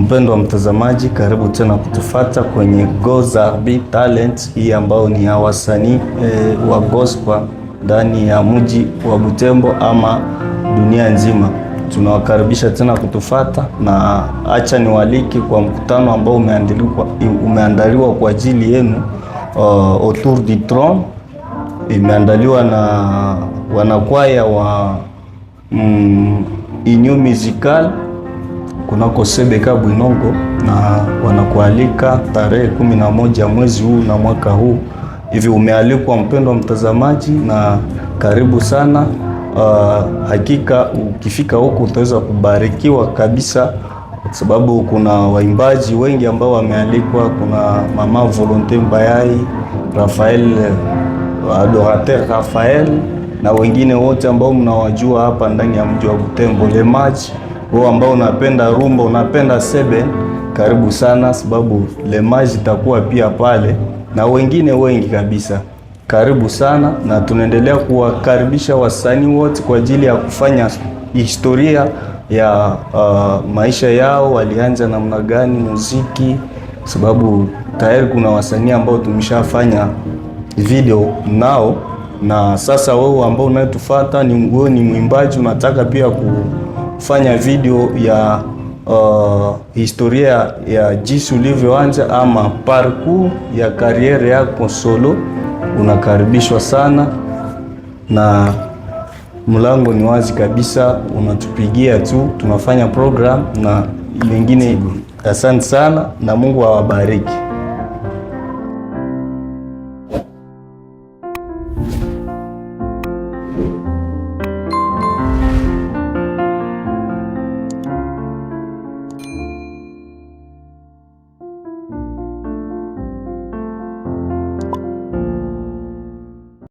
Mpendwa mtazamaji, karibu tena kutufata kwenye Gozarbi Talent hii ambayo ni ya wasanii e, wa gospel ndani ya mji wa Butembo ama dunia nzima. Tunawakaribisha tena kutufata na acha niwaliki kwa mkutano ambao umeandaliwa kwa ajili yenu uh, autour du trône imeandaliwa na wanakwaya wa mm, Inyu Musical kunako Sebeka Bwinongo, na wanakualika tarehe kumi na moja mwezi huu na mwaka huu. Hivi umealikwa mpendwa mtazamaji, na karibu sana. Uh, hakika ukifika huku utaweza kubarikiwa kabisa, sababu kuna waimbaji wengi ambao wamealikwa. Kuna mama Volonte Mbayai, Rafael Adorateur Rafael na wengine wote ambao mnawajua hapa ndani ya mji wa Butembo match wewe ambao unapenda rumba, unapenda sebe, karibu sana, sababu lemaji itakuwa pia pale na wengine wengi kabisa. Karibu sana, na tunaendelea kuwakaribisha wasanii wote kwa ajili ya kufanya historia ya uh, maisha yao, walianza namna gani muziki, sababu tayari kuna wasanii ambao tumeshafanya video nao, na sasa wewe ambao unayetufuata ni, ni mwimbaji unataka pia ku kufanya video ya uh, historia ya jinsi ulivyoanza ama parcours ya kariere yako solo, unakaribishwa sana na mlango ni wazi kabisa, unatupigia tu, tunafanya program na lingine. Asante sana na Mungu awabariki.